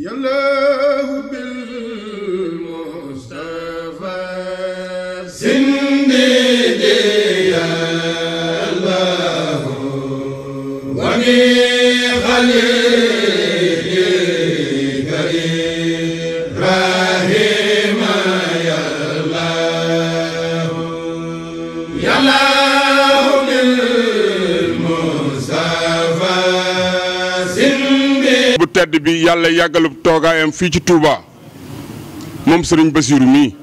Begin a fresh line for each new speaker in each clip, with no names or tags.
يا الله بال
tedd bi yàlla yàggalub toogaayam fii ci Touba moom sëriñ Basiiru mii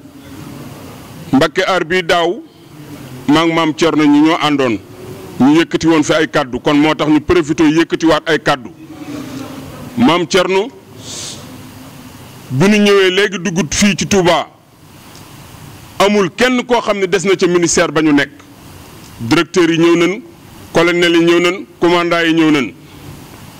Mbakke aar bii daaw maa ngi maam Cerno ñu ñoo àndoon ñu yëkkati woon fi ay kàddu kon moo tax ñu profité yëkkatiwaat ay kàddu maam Cerno bu ñu ñëwee léegi duggut fii ci Touba amul kenn koo xam ne des na ca ministère ba ñu nekk directeur yi ñëw nañ colonel yi ñëw nañ commandant yi ñëw nañ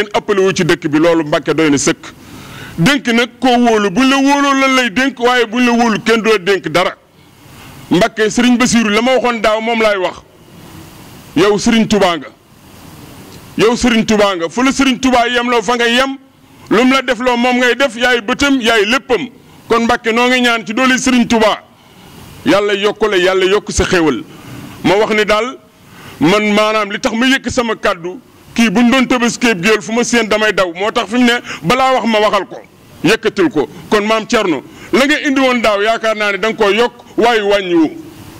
kenn appelé ci dëkk bi loolu Mbàkke doy na sëkk dénk nag koo wóolu buñ la wóoloo lan lay dénk waaye buñ la wóolu kenn doo dénk dara Mbàkke Sëriñ Basiiru la ma waxoon daaw moom laay wax yow Sëriñ Tubaa yow Sëriñ Tubaa nga fu Tubaa yem loo fa nga yem lu mu def loo moom ngay def yaay bëtam yaay léppam kon Mbàkke noo ngi ñaan ci doole Sëriñ Tubaa yàlla yokku yàlla yokk sa xéewal wax ni daal man maanaam li tax ma yëkk sama kàddu kii bu ñu doon tëbaskeeb géel fu ma séen damay daw moo tax fi mu ne balaa wax ma waxal ko yëkkatil ko kon maam Thierno la nga indi woon daaw yaakaar naa ne da nga koo yokk waaye wàññiwu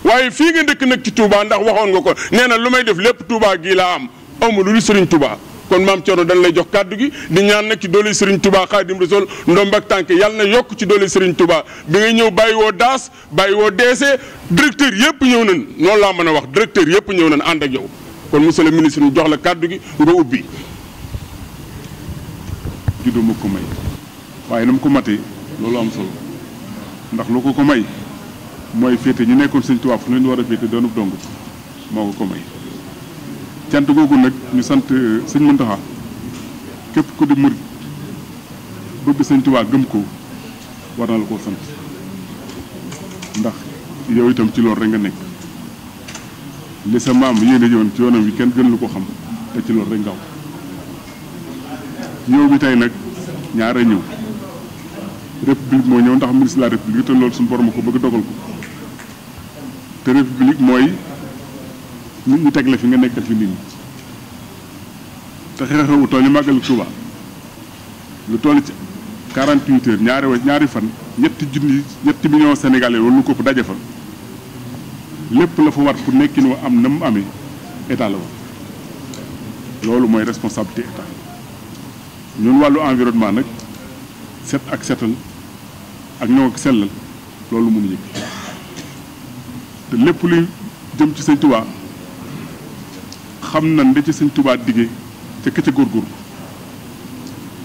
waaye fii nga dëkk nag ci Touba ndax waxoon nga ko nee na lu may def lépp Touba gii laa am amu lu Serigne Touba kon maam Thierno dañ lay jox kàddu gi di ñaan nag ci doole Serigne Touba Xaadim Rasul ndomb ak tànk yàlla na yokk ci doole Serigne Touba bi nga ñëw bàyyi woo daas bàyyi woo deese directeur yëpp ñëw nañ noonu laa mën a wax directeur yëpp ñëw nañ ànd ak kon monsieur le ministre ñu jox la kàddu gi nga ubbi. juddoo ma ko may waaye na mu ko matee loolu am solo ndax lu ko ko may mooy féete ñu nekkoon sëñ Tuubaa fu leen war a féete doonub dong moo ko ko may. cant kooku nag ñu sant euh, sëñ Muntaxa képp ku di murit bëgg sëñ Tuubaa gëm ko war na la koo sant ndax yow itam ci loolu rek nga nekk. li sa maam yéene yoon ci yoonam bi kenn gën lu ko xam te ci loolu rek ngaw ñëw bi tey nag ñaare ñëw république moo ñëw ndax ministre de la république te loolu suñu borom ko bëgg dogal ko te république mooy nit ñi teg la fi nga nekkal fi nit ñi te xew-xewu tool yi màggal Tuuba lu toll ci 48 heures ñaari wa ñaari fan ñetti junni ñetti millions sénégalais wala lu ko daje fa lépp la fa war pour nekkin wa am na mu amee état la war loolu mooy responsabilité état ñun wàllu environnement nag set ak setal ak ñoo ak sellal loolu mënuñu te lépp luy jëm ci sëñ tubaa xam na nda ci sëñ tubaa diggee ca këcc góorgóorlu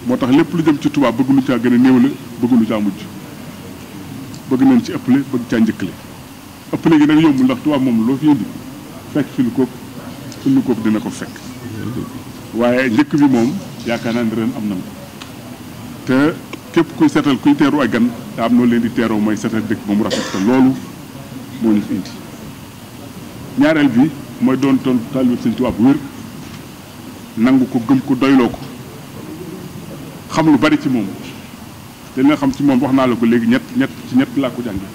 moo tax lépp lu jëm ci tubaab bëgg nu caa gën a néew la bëgg nu caa mujj bëgg nañ ci ëpple bëgg caa njëkkale ëppale léegi nag yombul ndax tubaab moom loo indi fekk fi lu ko fi lu dina ko fekk waaye njëkk bi moom yaakaar naa ne ren am na te képp kuy seetal kuy teeru ay gan daa am noo leen di teeroo mooy seetal dëkk ba mu rafet te loolu moo ñu indi ñaareel bi mooy doon toon taalibe Sëñ Tuubaa wér nangu ko gëm ko doyloo ko xam lu bari ci moom te li xam ci moom wax naa la ko léegi ñett ci ñett laa ko jànge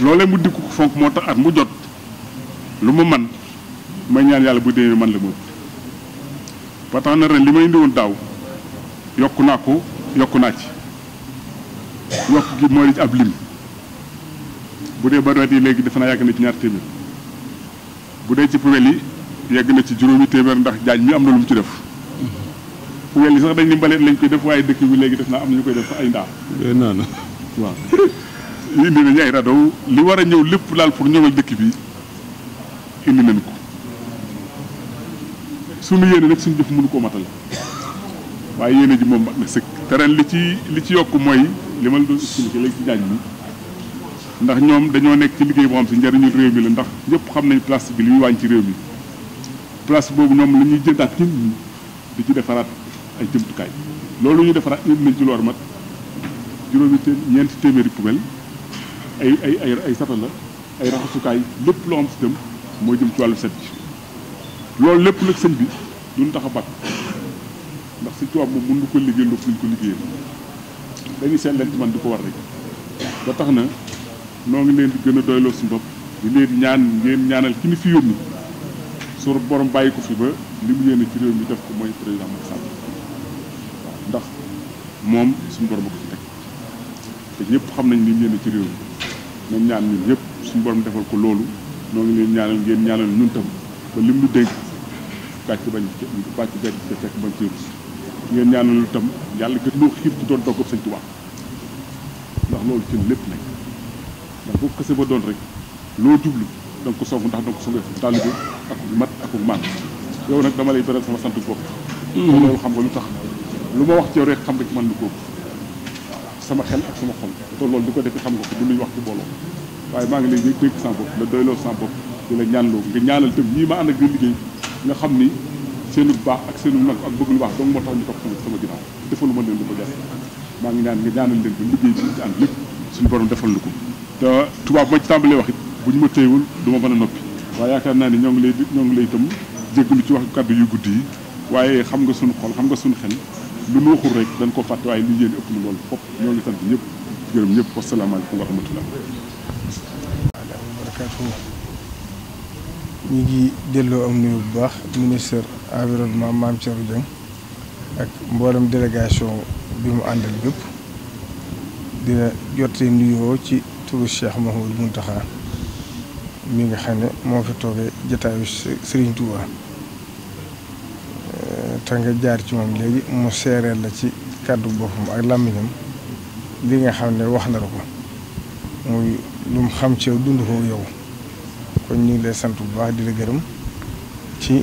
loolee mu dikk fonk moo tax at mu jot lu mu man may ñaan yàlla bu dee man la moom ba tax na ren li may indiwoon daaw yokku naa ko yokk naa ci yokk gi mooy ab lim bu dee bariwaat yi léegi defe naa yàgg na ci ñaar téeméer bu dee ci poubelle yi yegg na ci juróomi téeméer ndax jaaj mi am na lu mu ci def poubelle yi sax dañ ni mbalit lañ koy def waaye dëkk bi léegi daf naa am na ñu koy def ay ndaa waaw indi nañu ay radow li war a ñëw lépp laal pour ñëwal dëkk bi indi nañ ko sunu yéene nag suñu jëf mënu koo matal waaye yéene ji moom mat na sëkk te li ci li ci yokk mooy li ma la doon expliqué léegi ci jaañ mi ndax ñoom dañoo nekk ci liggéey boo xam si njëriñul réew mi ñëpp xam nañ place bi li muy ci réew mi place boobu ñoom lañuy ñuy jëndaat ñun di ci defaraat ay jëmtukaay loolu ñu defaraat indi nañ ci lu war mat juróomi téeméer ñeenti téeméeri poubelle ay ay ay ay sata la ay raxasukaay lépp loo am si itam mooy jëm ci wàllu set bi loolu lépp nag sëñ bi duñ tax a bàq ndax si tubaab moom mën nu ko liggéey lépp luñ ko liggéeyee dañuy seet leen ci di ko war rek ba tax na noo ngi leen di gën a doyloo suñu bopp di ñaan ngeen ñaanal ki ni fi yóbbu borom bàyyi ko fi ba li mu ci réew mi def ko mooy président Macky Sall moom suñu borom teg te ñëpp xam nañ li mu ci réew mi ñoom ñaan ñun ñëpp suñu borom defal ko loolu noo ngi leen ñaanal ngeen ñaanal ñun tam ba lim lu dénk bàcc bañ bàcc bañ ca fekk bañ ci ngeen ñaanal lu tam yàlla kat loo xiir ci doon doog ab sëñ ndax loolu ci lépp nag ndax boo xasee ba doon rek loo jublu da nga ko song ndax da nga ko song taalibe ak mat ak maan yow nag dama lay beral sama sant bopp. Mm-hmm. loolu xam nga lu tax lu ma wax ci rek xam nga ci man lu ko sama xel ak sama xol te loolu di ko def xam nga ko du luy wax ci booloo waaye maa ngi lay dénk sama bopp la doyloo sama bopp di la ñaanloo nga ñaanal itam ñii ma ànd ak di liggéey nga xam ni seenu baax ak seenu nag ak bëgg lu baax donc moo tax ñu topp sama sama ginnaaw defalu ma leen lu ko jar maa ngi ñaan nga ñaanal leen ba liggéey bi ci ànd lépp suñu borom defal lu ko te tubaab ma ci tàmbalee wax bu ñu ma téyewul du ma mën a noppi waaye yaakaar naa ni ñoo ngi lay ñoo ngi lay itam jéggalu ci wax kàddu yu guddi yi waaye xam nga suñu xol xam nga suñu xel lu ñu waxul rek dañ ko fàtte waaye li yéen ëpp na loolu fop ñoo ngi sant ñëpp gërëm ñëpp mu wa rahmatullah
barakaatu ñu ngi delloo am nuyu bu baax ministre environnement Mame Thierno ak mboolam délégation bi mu àndal yëpp dina jotee nuyoo ci turu Cheikh Mouhamadou Mountakha mi nga xam ne moo fi toogee jataayu Serigne Touba. te nga jaar ci moom léegi mu seereel la ci kàddu boppam ak làmmiñam li nga xam ne wax na la ko muy lu mu xam ci dund ko yow kon ñu ngi lay sant bu baax di la gërëm ci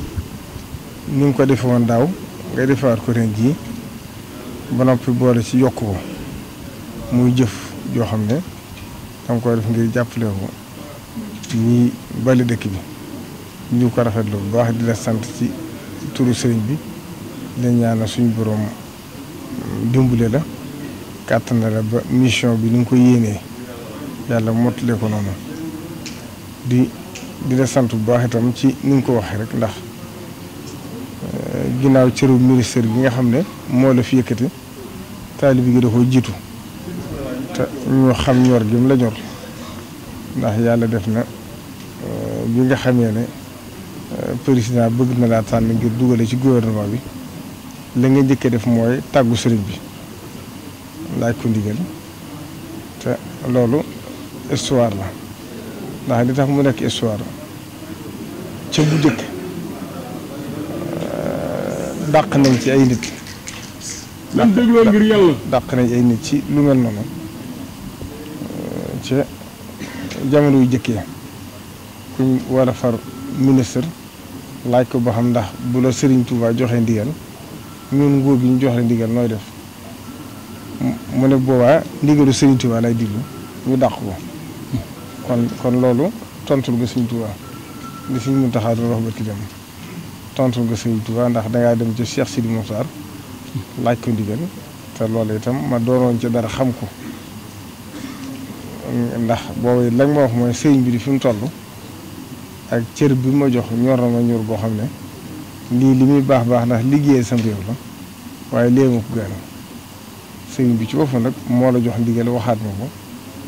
ni nga ko defe woon daaw nga defewaat ko ren jii ba noppi boole ci yokk ko muy jëf joo xam ne danga koy def ngir jàppale ko ñi bali dëkk bi ñu ko rafetlu bu baax di la sant ci turu sëriñ bi la ñaanal suñu boroom dimbale la kàttan la ba mission bi ni nga ko yéenee yàlla mottale ko noonu di di la sant bu baax itam ci nu nga ko waxee rek ndax eh, ginnaaw cëru ministère bi nga xam ne moo la fi yëkkati taalib gi da jiitu te ñoo xam ñor gi la ñor ndax yàlla def na eh, bi nga xamee ne. président bëgg na laa tànn ngir dugale ci gouvernement bi la nga njëkkee def mooy tàggu sëriñ bi laaj loolu histoire la ndax mu nekk histoire ca bu njëkk euh, nañ ci ay nit. lan dégloo ngir yàlla dàq nañ ay nit ci lu mel noonu euh, ca jamono yu njëkkee kuñ war far ministre. laaj ko ba xam ndax bu la Serigne Touba joxe ndigal ñun nguur gi ñu joxe ndigal nooy def mu ne boobaa ndigalu Serigne Touba lay diglu ñu dàq ko kon kon loolu tontul nga Serigne Touba li Serigne wax barki dem tontul nga Serigne Touba ndax dangaa dem ci Cheikh Sidi Moukhtar laaj ko ndigal te loolu itam ma doonoon ci dara xam ko ndax boobu it la nga ma wax mooy sëriñ bi di fi mu toll. ak cër bi ma jox ñor na ma ñor boo xam ne lii li muy baax baax ndax liggéeyal sam réew la waaye léegi ma ko gën sëriñ bi ci boppam nag moo la jox ndigal waxaat ma ko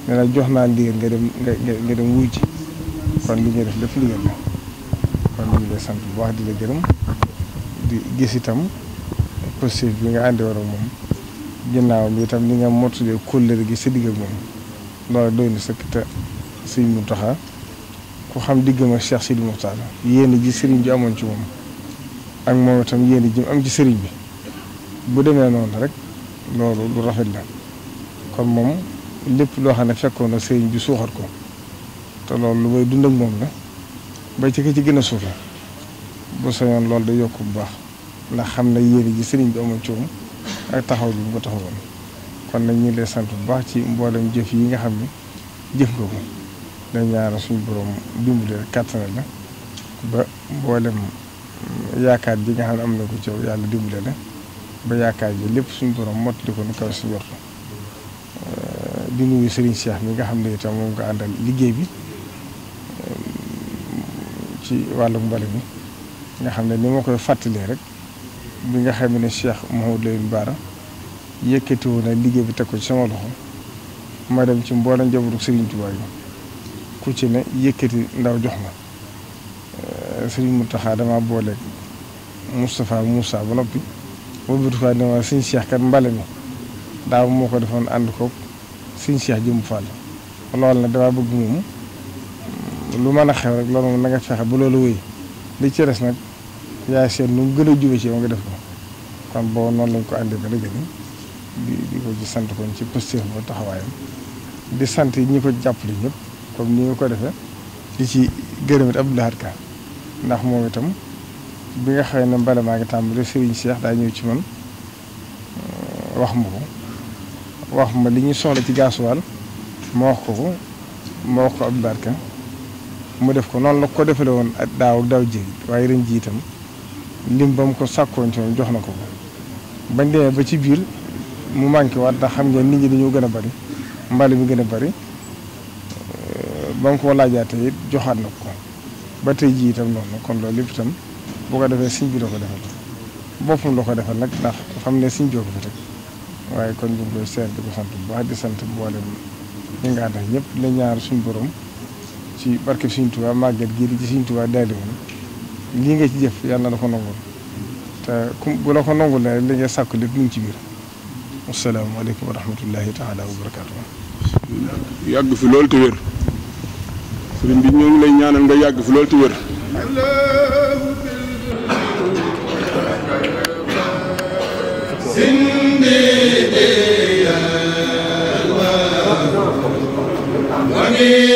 ne la jox naa ndigal nga dem nga nga dem wuy ci kon li nga def lépp ndigal la kon ñu ngi lay sant bu baax di la gërëm di gis itam positif bi nga àndi war ak moom ginnaaw bi itam li nga motulee kóllëre gi sa digg moom loolu doy na sëkk te sëriñ Muntaxa ku xam diggam si Cheikh Sidi Muxtaar yéen ji sëriñ bi amoon ci moom ak moom itam yéen ji am ci sëriñ bi bu demee noonu rek loolu lu rafet la kon moom lépp loo xam ne fekkoon na sëriñ bi suuxat ko te loolu lu may dund ak moom la ba ci ka ci gën a suufe bu sañoon loolu day yokk bu baax ndax xam na yéen ji sëriñ bi amoon ci moom ak taxaw bi mu ko taxawoon kon nag ñu ngi lay sant bu baax ci mboolem jëf yi nga xam ne jëf nga ko. dañ ñaanal suñu borom dimbali rek kàttanal la ba mboolem yaakaar ji nga xam ne am na ko ci yàlla dimbali la ba yaakaar ji lépp suñ suñu borom mottali ko nu kaw si njort di nuyu Serigne Cheikh mi nga xam ne itam moom nga àndal liggéey bi ci wàllu mbali bi nga xam ne ni ma koy fàttalee rek bi nga xam ne Cheikh Mouhamadou Lamine Bara yëkkatiwoon na liggéey bi teg ko ci sama loxo ma dem ci mboolem njabootu Serigne Touba yi ku ci ne yëkkati ndaw jox ma euh, sëriñ Mountakha dama boole Moustapha Moussa ba noppi boobu dafa dama mbale mi moo ko defoon ànd ko sëñ Cheikh jëmb Fall loolu nag dama bëgg moom mm, a xew rek loolu ba loolu li ci des nag yaay seet nu mu gën a jube ci yow nga def ko lañ ko àndee ba di ko ci sant kon ci pëstéef ba taxawaayam di sant ñi ko jàppale ñëpp comme ni ñu ko defee di ci gërëm it Abdou Lahad Ka ndax moom itam bi nga xamee ne mbala maa ngi tàmbali Serigne Cheikh daa ñëw ci man euh, wax ma ko wax ma li ñu soxla ci gaasuwaal ma wax ko ko ma wax ko Abdou Ka mu def ko noonu la ko defale woon ak daaw daaw jéeg waaye ren ji itam lim ba mu ko sàkkoon ci moom jox na ko ko bañ demee ba ci biir mu manqué waat ndax xam ngeen nit ñi dañoo gën a bari mbali mi gën a bari ba mu ko laajaatee it joxaat na ko ba tey jii itam noonu kon loolu lépp tam boo ko defee siñ bi la ko defal boppam la nag ndax xam ne siñ bi ko te teg waaye kon ñu ngi koy seet di ko sant bu baax di sant mboolem ñi ñëpp la suñu borom ci barke Sëriñ màgget gii di ci Sëriñ Tuubaa daali nga ci jëf yàlla na ko nangul te ku bu la ko nangul ne li nga sàkku lépp ñu ci biir asalaamaaleykum wa rahmatullahi taala wa barakaatu
yàgg fi loolu te sëriñ bi ñoo ngi lay ñaanal nga yàgg fi loolu
te